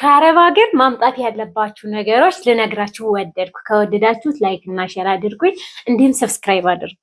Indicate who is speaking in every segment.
Speaker 1: ከአረብ ሀገር ማምጣት ያለባችሁ ነገሮች ልነግራችሁ ወደድኩ። ከወደዳችሁት ላይክ እና ሼር አድርጉኝ፣ እንዲሁም ሰብስክራይብ አድርጉ።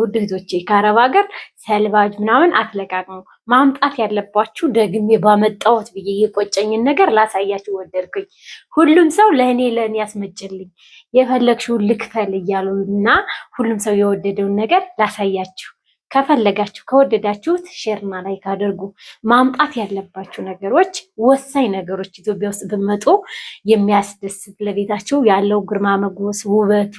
Speaker 1: ውድ እህቶቼ ከአረብ ሀገር ሰልባጅ ምናምን አትለቃቅሙ። ማምጣት ያለባችሁ ደግሜ ባመጣሁት ብዬ የቆጨኝን ነገር ላሳያችሁ ወደድኩኝ። ሁሉም ሰው ለእኔ ለእኔ ያስመጭልኝ የፈለግሽውን ልክፈል እያሉ እና ሁሉም ሰው የወደደውን ነገር ላሳያችሁ ከፈለጋችሁ ከወደዳችሁት ሼርና ላይክ አድርጉ። ማምጣት ያለባችሁ ነገሮች፣ ወሳኝ ነገሮች ኢትዮጵያ ውስጥ ብመጡ የሚያስደስት ለቤታችሁ ያለው ግርማ መጎስ ውበቱ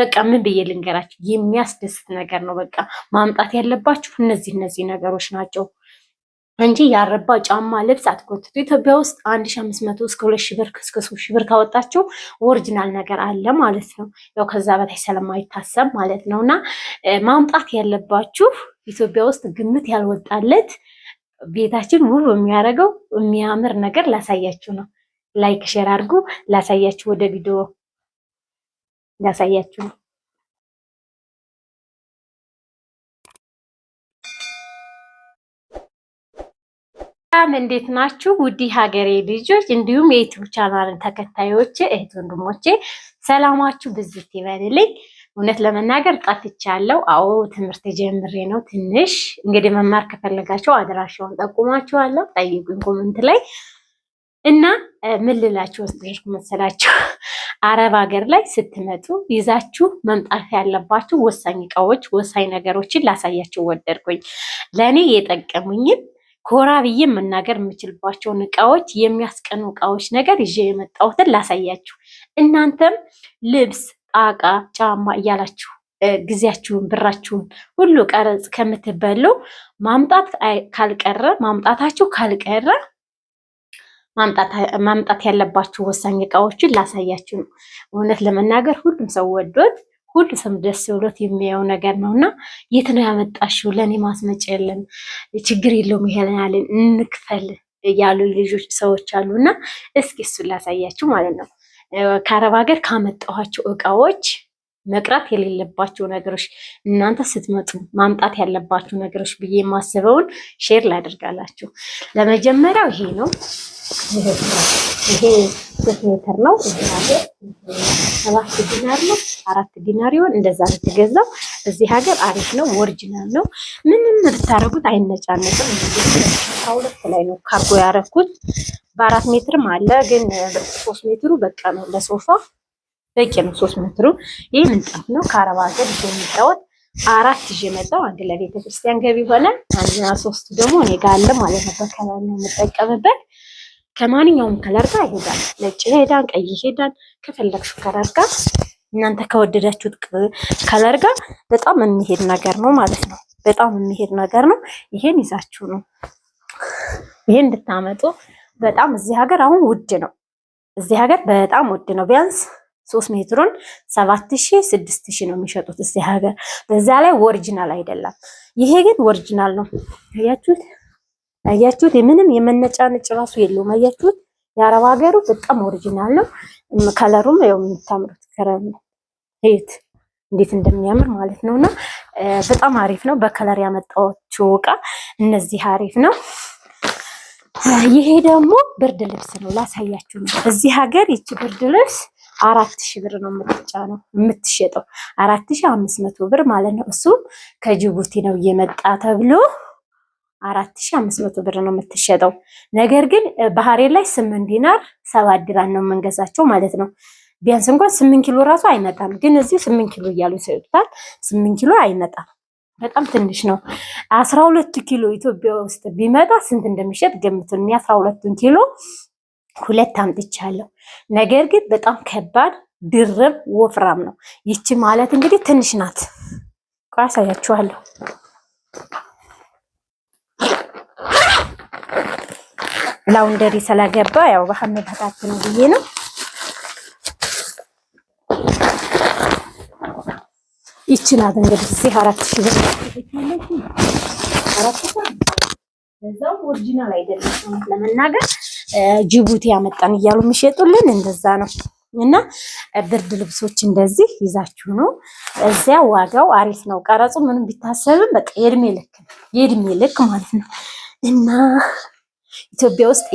Speaker 1: በቃ ምን ብዬ ልንገራችሁ፣ የሚያስደስት ነገር ነው። በቃ ማምጣት ያለባችሁ እነዚህ እነዚህ ነገሮች ናቸው። እንጂ ያረባ ጫማ ልብስ አትጎትቱ። ኢትዮጵያ ውስጥ አንድ ሺ አምስት መቶ እስከ ሁለት ሺ ብር እስከ ሶስት ሺ ብር ካወጣችሁ ኦሪጂናል ነገር አለ ማለት ነው። ያው ከዛ በታች ስለማይታሰብ ማለት ነው። እና ማምጣት ያለባችሁ ኢትዮጵያ ውስጥ ግምት ያልወጣለት ቤታችን ውብ የሚያደርገው የሚያምር ነገር ላሳያችሁ ነው። ላይክ ሼር አድርጉ። ላሳያችሁ ወደ ቪዲዮ ላሳያችሁ ነው። በጣም እንዴት ናችሁ? ውድ ሀገሬ ልጆች እንዲሁም የዩቲዩብ ቻናልን ተከታዮች እህት ወንድሞቼ ሰላማችሁ ብዝት ይበልልኝ። እውነት ለመናገር ጠፍቻለሁ። አዎ ትምህርት ጀምሬ ነው። ትንሽ እንግዲህ መማር ከፈለጋችሁ አድራሻውን ጠቁማችኋለሁ፣ ጠይቁኝ ኮመንት ላይ እና ምን ልላችሁ ወስደርኩ መሰላችሁ? አረብ ሀገር ላይ ስትመጡ ይዛችሁ መምጣት ያለባችሁ ወሳኝ እቃዎች፣ ወሳኝ ነገሮችን ላሳያችሁ ወደድኩኝ። ለእኔ የጠቀሙኝን ኮራ ብዬ መናገር የምችልባቸውን እቃዎች የሚያስቀኑ እቃዎች ነገር ይዤ የመጣሁትን ላሳያችሁ። እናንተም ልብስ፣ ጣቃ፣ ጫማ እያላችሁ ጊዜያችሁን ብራችሁን ሁሉ ቀረጽ ከምትበሉ ማምጣት ካልቀረ ማምጣታችሁ ካልቀረ ማምጣት ያለባችሁ ወሳኝ እቃዎችን ላሳያችሁ ነው። እውነት ለመናገር ሁሉም ሰው ወዶት ሁሉ ሰም ደስ ብሎት የሚያየው ነገር ነው እና የት ነው ያመጣሽው? ለእኔ ማስመጫ የለም ችግር የለውም ይሄናልን እንክፈል ያሉ ልጆች ሰዎች አሉ እና እስኪ እሱን ላሳያችሁ ማለት ነው ከአረብ ሀገር ካመጣኋቸው እቃዎች መቅረት የሌለባቸው ነገሮች እናንተ ስትመጡ ማምጣት ያለባቸው ነገሮች ብዬ የማስበውን ሼር ላደርጋላችሁ። ለመጀመሪያው ይሄ ነው። ይሄ ሁለት ሜትር ነው። ሰባት ዲናር ነው፣ አራት ዲናር ይሆን እንደዛ ትገዛው። እዚህ ሀገር አሪፍ ነው፣ ኦሪጂናል ነው። ምንም ብታረጉት አይነጫነጭም። ሁለት ላይ ነው ካርጎ ያረኩት። በአራት ሜትርም አለ ግን ሶስት ሜትሩ በቃ ነው ለሶፋ በቂ ነው። ሶስት ሜትሩ ይህ ምንጣፍ ነው። ከአረብ ሀገር የሚጫወት አራት ይዤ መጣሁ። አንድ ለቤተክርስቲያን ገቢ ሆነ፣ አንድና ሶስቱ ደግሞ እኔ ጋር አለ ማለት ነው። በከለር ነው የምጠቀምበት። ከማንኛውም ከለር ጋር ይሄዳል። ነጭ ይሄዳል፣ ቀይ ይሄዳል። ከፈለግሽው ከለር ጋር እናንተ ከወደዳችሁት ከለር ጋር በጣም የሚሄድ ነገር ነው ማለት ነው። በጣም የሚሄድ ነገር ነው። ይሄን ይዛችሁ ነው ይሄን እንድታመጡ። በጣም እዚህ ሀገር አሁን ውድ ነው። እዚህ ሀገር በጣም ውድ ነው ቢያንስ ሶስት ሜትሩን ሰባት ሺህ ስድስት ነው የሚሸጡት እዚህ ሀገር። በዛ ላይ ኦሪጂናል አይደለም። ይሄ ግን ኦሪጂናል ነው። አያችሁት? አያችሁት? ምንም የመነጫነጭ ራሱ የለውም። አያችሁት? የአረብ ሀገሩ በጣም ኦሪጂናል ነው። ከለሩም ያው የምታምሩት ከረም ሄት እንዴት እንደሚያምር ማለት ነውና በጣም አሪፍ ነው። በከለር ያመጣችው እቃ እነዚህ አሪፍ ነው። ይሄ ደግሞ ብርድ ልብስ ነው፣ ላሳያችሁ ነው። እዚህ ሀገር ይቺ ብርድ ልብስ አራት ሺህ ብር ነው የምትጫነው የምትሸጠው አራት ሺህ አምስት መቶ ብር ማለት ነው። እሱም ከጅቡቲ ነው እየመጣ ተብሎ አራት ሺህ አምስት መቶ ብር ነው የምትሸጠው። ነገር ግን ባህሬን ላይ ስምንት ዲናር ሰባት ድራን ነው የምንገዛቸው ማለት ነው። ቢያንስ እንኳን ስምንት ኪሎ ራሱ አይመጣም። ግን እዚህ ስምንት ኪሎ እያሉ ይሰጡታል። ስምንት ኪሎ አይመጣም። በጣም ትንሽ ነው። አስራ ሁለቱ ኪሎ ኢትዮጵያ ውስጥ ቢመጣ ስንት እንደሚሸጥ ገምቱን። የአስራ ሁለቱን ኪሎ ሁለት አምጥቻለሁ። ነገር ግን በጣም ከባድ ድርብ ወፍራም ነው። ይቺ ማለት እንግዲህ ትንሽ ናት። ቆይ አሳያችኋለሁ። ላውንደሪ ስለገባ ያው ባህም በሀመታታት ነው ብዬ ነው። ይቺ ናት እንግዲህ እዚህ አራት ሺ ብር አራት ሺ በዛው ኦሪጂናል አይደለም ለመናገር ጅቡቲ ያመጣን እያሉ የሚሸጡልን እንደዛ ነው። እና ብርድ ልብሶች እንደዚህ ይዛችሁ ነው። እዚያ ዋጋው አሪፍ ነው። ቀረጹ ምንም ቢታሰብም በቃ የእድሜ ልክ ነው፣ የእድሜ ልክ ማለት ነው። እና ኢትዮጵያ ውስጥ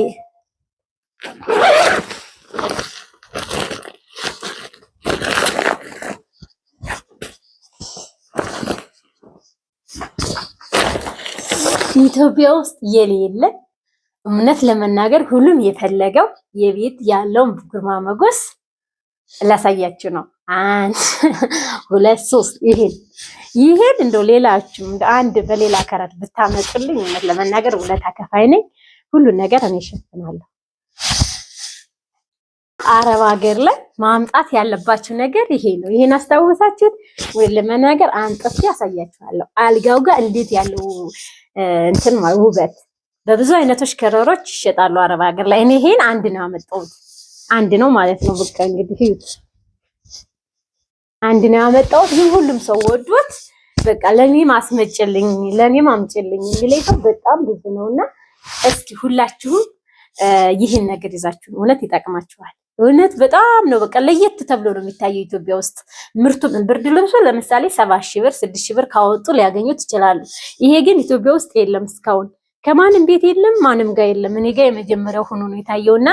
Speaker 1: ኢትዮጵያ ውስጥ የሌለ እውነት ለመናገር ሁሉም የፈለገው የቤት ያለውን ግርማ መጎስ ላሳያችሁ ነው። አንድ ሁለት ሶስት ይሄን ይሄን እንደው ሌላችሁ እንደ አንድ በሌላ ከራት ብታመጡልኝ እውነት ለመናገር ውለታ ከፋይ ነኝ። ሁሉን ነገር እኔ እሸፍናለሁ። አረብ ሀገር ላይ ማምጣት ያለባችሁ ነገር ይሄ ነው። ይሄን አስታወሳችሁት ወይ? ለመናገር አንጥፌ ያሳያችኋለሁ። አልጋው ጋር እንዴት ያለው እንትን ውበት በብዙ አይነቶች ከረሮች ይሸጣሉ አረብ ሀገር ላይ። እኔ ይሄን አንድ ነው ያመጣሁት። አንድ ነው ማለት ነው። በቃ እንግዲህ አንድ ነው ያመጣሁት። ግን ሁሉም ሰው ወዶት በቃ ለኔም አስመጭልኝ ለኔም አምጭልኝ የሚለኝ ሰው በጣም ብዙ ነውና እስኪ ሁላችሁም ይህን ነገር ይዛችሁ እውነት ይጠቅማችኋል። እውነት በጣም ነው በቃ ለየት ተብሎ ነው የሚታየው ኢትዮጵያ ውስጥ ምርቱ። ብርድ ልብሱ ለምሳሌ ሰባ ሺህ ብር ስድስት ሺህ ብር ካወጡ ሊያገኙት ይችላሉ። ይሄ ግን ኢትዮጵያ ውስጥ የለም እስካሁን ከማንም ቤት የለም፣ ማንም ጋር የለም። እኔ ጋር የመጀመሪያው ሆኖ ነው የታየውና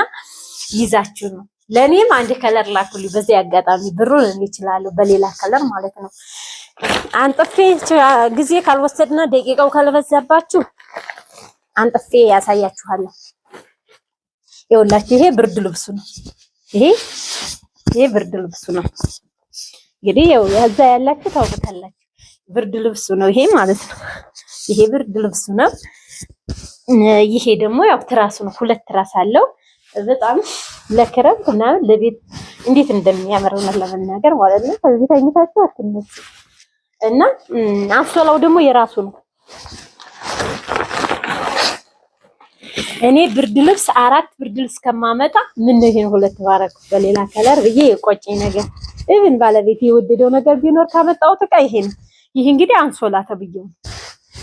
Speaker 1: ይዛችሁ ነው። ለእኔም አንድ ከለር ላኩልኝ። በዚህ አጋጣሚ ብሩን እኔ እችላለሁ፣ በሌላ ከለር ማለት ነው። አንጥፌ ጊዜ ካልወሰድና ደቂቃው ካልበዛባችሁ አንጥፌ ያሳያችኋለሁ። ይኸውላችሁ ይሄ ብርድ ልብሱ ነው። ይሄ ይሄ ብርድ ልብሱ ነው። እንግዲህ ያው እዛ ያላችሁ ታውቁታላችሁ። ብርድ ልብሱ ነው ይሄ ማለት ነው። ይሄ ብርድ ልብሱ ነው። ይሄ ደግሞ ያው ትራስ ነው። ሁለት ትራስ አለው። በጣም ለክረምት ምናምን ለቤት እንዴት እንደሚያምር ለመናገር ማለት ነው። ከዚህ ተኝታችሁ አትነሱ እና አንሶላው ደግሞ የራሱ ነው። እኔ ብርድ ልብስ አራት ብርድ ልብስ ከማመጣ ምን ነው ይሄን ሁለት ባረኩ በሌላ ከለር ብዬ የቆጨኝ ነገር እብን ባለቤት የወደደው ነገር ቢኖር ካመጣው እቃ ይሄ ነው። ይሄ እንግዲህ አንሶላ ተብዬው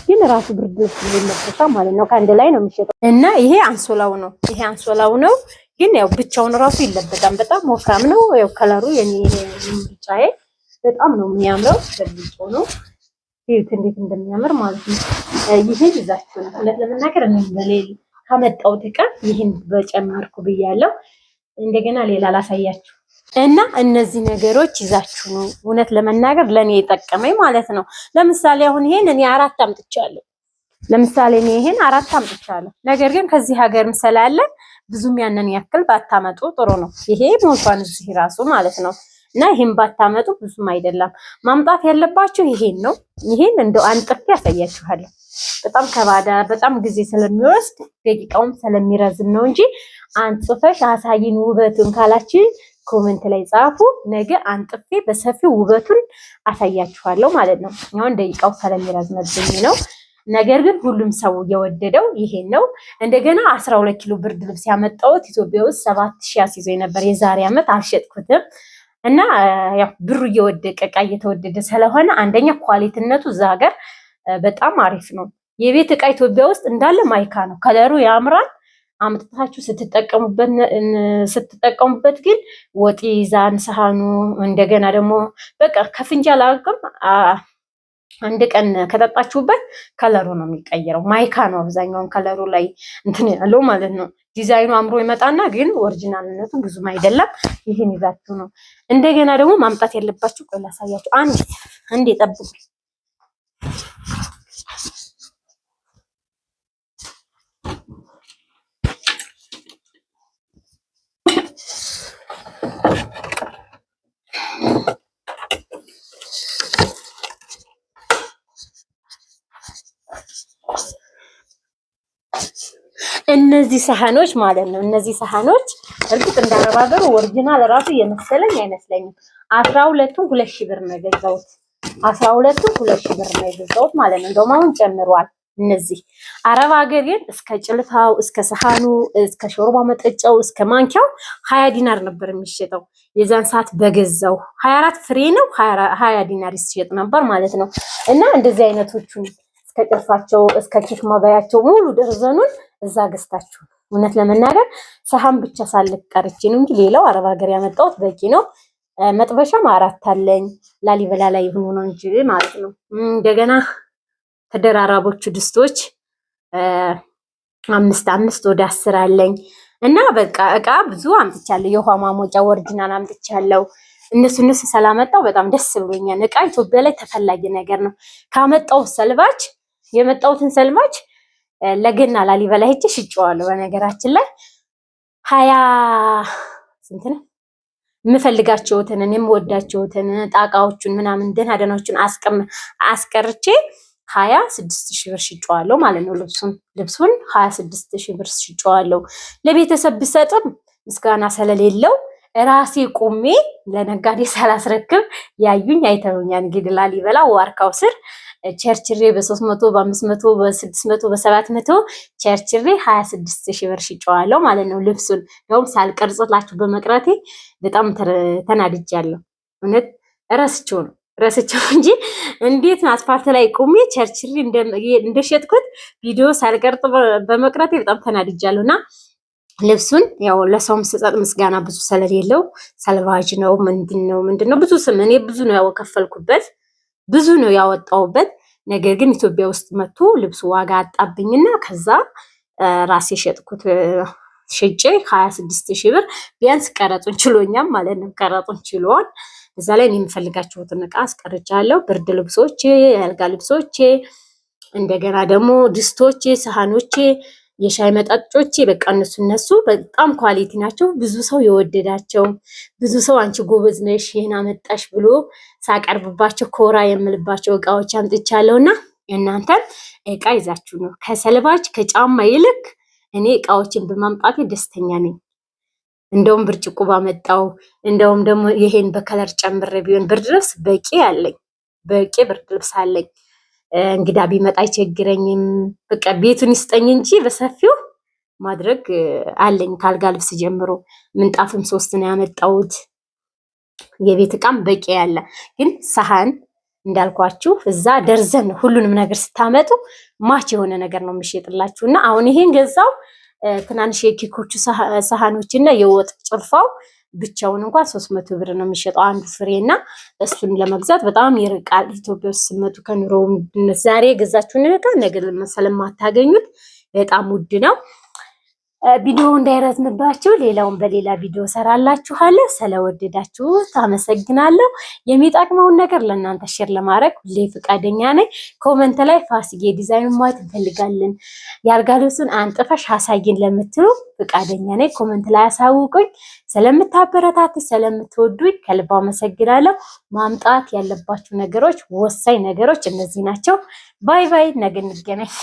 Speaker 1: ግን ራሱ ብርድ ልብስ ለብሳ ማለት ነው። ከአንድ ላይ ነው የሚሸጠው እና ይሄ አንሶላው ነው። ይሄ አንሶላው ነው ግን ያው ብቻውን ራሱ ይለበጣል። በጣም ወፍራም ነው። ያው ከለሩ የኔ ምርጫዬ በጣም ነው የሚያምረው። ለብሶ ነው ይሄት እንዴት እንደሚያምር ማለት ነው። ይሄ ይዛችሁ ነው ሁለት ለመናገር እኔ በሌል ካመጣው እቃ ይህን በጨመርኩ ብያለሁ። እንደገና ሌላ ላሳያችሁ እና እነዚህ ነገሮች ይዛችሁ ነው እውነት ለመናገር ለእኔ የጠቀመኝ ማለት ነው። ለምሳሌ አሁን ይሄን እኔ አራት አምጥቻለሁ። ለምሳሌ እኔ ይሄን አራት አምጥቻለሁ። ነገር ግን ከዚህ ሀገርም ስላለ ብዙም ያንን ያክል ባታመጡ ጥሩ ነው። ይሄ ሞልቷን እዚህ ራሱ ማለት ነው። እና ይሄን ባታመጡ ብዙም አይደለም። ማምጣት ያለባችሁ ይሄን ነው። ይሄን እንደው አንጥፍ ያሳያችኋለሁ። በጣም ከባዳ በጣም ጊዜ ስለሚወስድ ደቂቃውም ስለሚረዝም ነው እንጂ አንጽፈሽ አሳይን ውበቱን ካላችን ኮመንት ላይ ጻፉ። ነገ አንጥፌ በሰፊው ውበቱን አሳያችኋለሁ ማለት ነው። አሁን ደቂቃው ስለሚረዝመብኝ ነው። ነገር ግን ሁሉም ሰው እየወደደው ይሄን ነው። እንደገና አስራ ሁለት ኪሎ ብርድ ልብስ ያመጣሁት ኢትዮጵያ ውስጥ ሰባት ሺህ አስይዞ ነበር የዛሬ ዓመት አልሸጥኩትም። እና ያው ብሩ እየወደቀ ቃ እየተወደደ ስለሆነ አንደኛ ኳሊቲነቱ እዛ ሀገር በጣም አሪፍ ነው። የቤት እቃ ኢትዮጵያ ውስጥ እንዳለ ማይካ ነው። ከለሩ ያምራል። አምጥታችሁ ስትጠቀሙበት ግን ወጥ ይዛን ሰሃኑ እንደገና ደግሞ በቃ ከፍንጃል አቅም አንድ ቀን ከጠጣችሁበት ከለሩ ነው የሚቀየረው። ማይካ ነው አብዛኛውን ከለሩ ላይ እንትን ያለው ማለት ነው። ዲዛይኑ አምሮ ይመጣና ግን ኦሪጂናልነቱ ብዙም አይደለም። ይህን ይዛችሁ ነው እንደገና ደግሞ ማምጣት ያለባችሁ። ቆይ ላሳያችሁ። አንዴ ጠብቁ። እነዚህ ሰሃኖች ማለት ነው። እነዚህ ሰሃኖች እርግጥ እንዳረባገሩ ኦሪጂናል ራሱ የመሰለኝ አይመስለኝም። አስራ ሁለቱ ሁለት ሺህ ብር ነው የገዛሁት። አስራ ሁለቱ ሁለት ብር ነው የገዛሁት ማለት ነው። እንደውም አሁን ጨምሯል። እነዚህ አረብ ሀገር ግን እስከ ጭልፋው፣ እስከ ሰሃኑ፣ እስከ ሾርባ መጠጫው፣ እስከ ማንኪያው ሀያ ዲናር ነበር የሚሸጠው። የዛን ሰዓት በገዛው ሀያ አራት ፍሬ ነው ሀያ ዲናር ይሸጥ ነበር ማለት ነው። እና እንደዚህ አይነቶቹን እስከ ጭልፋቸው፣ እስከ ኪክ ማባያቸው ሙሉ ደርዘኑን እዛ ገዝታችሁ እውነት ለመናገር ሰሃን ብቻ ሳልቅ ቀርቼ ነው እንጂ ሌላው አረብ ሀገር ያመጣሁት በቂ ነው። መጥበሻም አራት አለኝ ላሊበላ ላይ ሆኖ ነው እንጂ ማለት ነው። እንደገና ተደራራቦቹ ድስቶች አምስት አምስት ወደ አስር አለኝ እና በቃ እቃ ብዙ አምጥቻለሁ። የውሃ ማሞጫ ወርጅናል አምጥቻለሁ። እነሱ እነሱ ስላመጣው በጣም ደስ ብሎኛል። እቃ ኢትዮጵያ ላይ ተፈላጊ ነገር ነው። ካመጣው ሰልባች የመጣውትን ሰልባች ለገና ላሊበላ ሄጄ ሽጬዋለሁ። በነገራችን ላይ ሀያ ስንት ነው የምፈልጋቸውትን የምወዳቸውትን ጣቃዎቹን ምናምን ደህና ደህናዎቹን አስቀርቼ ሀያ ስድስት ሺህ ብር ሽጬዋለሁ ማለት ነው። ልብሱን ልብሱን ሀያ ስድስት ሺህ ብር ሽጬዋለሁ። ለቤተሰብ ብሰጥም ምስጋና ስለሌለው ራሴ ቁሜ ለነጋዴ ሳላስረክብ ያዩኝ አይተውኛል። እንግዲህ ላሊበላ ዋርካው ስር ቸርችሬ በሶስት መቶ በአምስት መቶ በስድስት መቶ በሰባት መቶ ቸርችሬ ሀያ ስድስት ሺህ ብር ሽጨዋለሁ ማለት ነው። ልብሱን እንደውም ሳልቀርጽላችሁ በመቅረቴ በጣም ተናድጃለሁ። እውነት ረስቼው ነው ረስቼው እንጂ እንዴት አስፋልት ላይ ቁሜ ቸርችሬ እንደሸጥኩት ቪዲዮ ሳልቀርጽ በመቅረቴ በጣም ተናድጃለሁ እና ልብሱን ያው ለሰውም ስጸጥ ምስጋና ብዙ ስለሌለው ሰልቫጅ ነው። ምንድን ነው ምንድን ነው ብዙ ስም እኔ ብዙ ነው ያወከፈልኩበት ብዙ ነው ያወጣውበት። ነገር ግን ኢትዮጵያ ውስጥ መጥቶ ልብሱ ዋጋ አጣብኝና ከዛ ራሴ ሸጥኩት። ሽጬ ሀያ ስድስት ሺህ ብር ቢያንስ ቀረጡን ችሎኛም ማለት ነው። ቀረጡን ችሎን እዛ ላይ እኔ እቃ አስቀርጃለሁ። ብርድ ልብሶቼ፣ የአልጋ ልብሶቼ፣ እንደገና ደግሞ ድስቶቼ፣ ሰሃኖቼ የሻይ መጠጦቼ በቃ እነሱ እነሱ በጣም ኳሊቲ ናቸው። ብዙ ሰው የወደዳቸው ብዙ ሰው አንቺ ጎበዝ ነሽ ይህን አመጣሽ ብሎ ሳቀርብባቸው ኮራ የምልባቸው እቃዎች አምጥቻለሁ እና እናንተ እቃ ይዛችሁ ነው ከሰልባች ከጫማ ይልቅ እኔ እቃዎችን በማምጣቴ ደስተኛ ነኝ። እንደውም ብርጭቆ ባመጣው እንደውም ደግሞ ይሄን በከለር ጨምሬ ቢሆን ብርድ ልብስ በቂ አለኝ። በቂ ብርድ ልብስ አለኝ። እንግዳ ቢመጣ አይቸግረኝም። በቃ ቤቱን ይስጠኝ እንጂ በሰፊው ማድረግ አለኝ። ካልጋ ልብስ ጀምሮ ምንጣፍም ሶስት ነው ያመጣሁት። የቤት እቃም በቂ ያለ ግን ሰሃን እንዳልኳችሁ እዛ ደርዘን ሁሉንም ነገር ስታመጡ ማች የሆነ ነገር ነው የሚሸጥላችሁ እና አሁን ይሄን ገዛው ትናንሽ የኬኮቹ ሰሃኖች እና የወጥ ጭልፋው ብቻውን እንኳን ሶስት መቶ ብር ነው የሚሸጠው አንዱ ፍሬ እና እሱን ለመግዛት በጣም ይርቃል። ኢትዮጵያ ውስጥ ስመቱ ከኑሮ ውድነት ዛሬ የገዛችሁን ዕቃ ነገ ስለማታገኙት በጣም ውድ ነው። ቪዲዮ እንዳይረዝምባችሁ ሌላውን በሌላ ቪዲዮ ሰራላችኋለሁ። ስለወደዳችሁ ታመሰግናለሁ። የሚጠቅመውን ነገር ለእናንተ ሼር ለማድረግ ሁሌ ፈቃደኛ ነኝ። ኮመንት ላይ ፋሲዬ ዲዛይን ማየት እንፈልጋለን፣ የአልጋ ልብሱን አንጥፈሽ አሳይን ለምትሉ ፈቃደኛ ነኝ። ኮመንት ላይ አሳውቁኝ። ስለምታበረታት ስለምትወዱኝ ከልብ አመሰግናለሁ። ማምጣት ያለባችሁ ነገሮች፣ ወሳኝ ነገሮች እነዚህ ናቸው። ባይ ባይ። ነገ እንገናኝ።